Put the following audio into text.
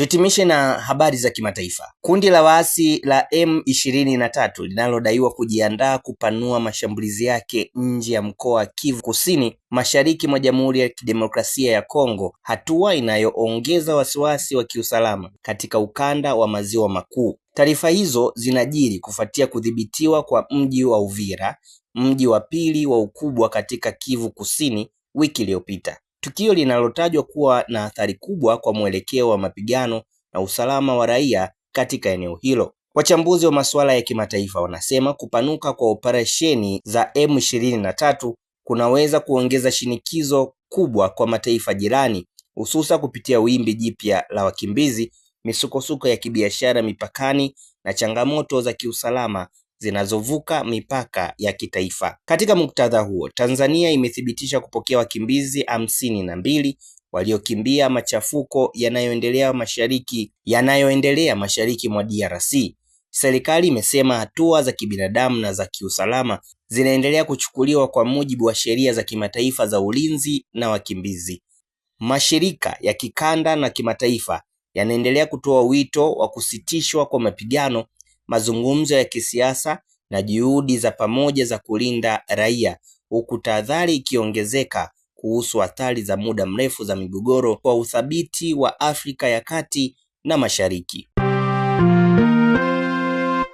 Tuhitimishe na habari za kimataifa. Kundi la waasi la M23 linalodaiwa kujiandaa kupanua mashambulizi yake nje ya mkoa wa Kivu Kusini, mashariki mwa Jamhuri ya Kidemokrasia ya Kongo, hatua inayoongeza wasiwasi wa kiusalama katika ukanda wa Maziwa Makuu. Taarifa hizo zinajiri kufuatia kudhibitiwa kwa mji wa Uvira, mji wa pili wa ukubwa katika Kivu Kusini, wiki iliyopita tukio linalotajwa kuwa na athari kubwa kwa mwelekeo wa mapigano na usalama wa raia katika eneo hilo. Wachambuzi wa masuala ya kimataifa wanasema kupanuka kwa operesheni za M23 kunaweza kuongeza shinikizo kubwa kwa mataifa jirani, hususa kupitia wimbi jipya la wakimbizi, misukosuko ya kibiashara mipakani na changamoto za kiusalama zinazovuka mipaka ya kitaifa. Katika muktadha huo, Tanzania imethibitisha kupokea wakimbizi hamsini na mbili waliokimbia machafuko yanayoendelea mashariki yanayoendelea mashariki mwa DRC. Serikali imesema hatua za kibinadamu na za kiusalama zinaendelea kuchukuliwa kwa mujibu wa sheria za kimataifa za ulinzi na wakimbizi. Mashirika ya kikanda na kimataifa yanaendelea kutoa wito wa kusitishwa kwa mapigano mazungumzo ya kisiasa na juhudi za pamoja za kulinda raia, huku tahadhari ikiongezeka kuhusu hatari za muda mrefu za migogoro kwa uthabiti wa Afrika ya Kati na Mashariki.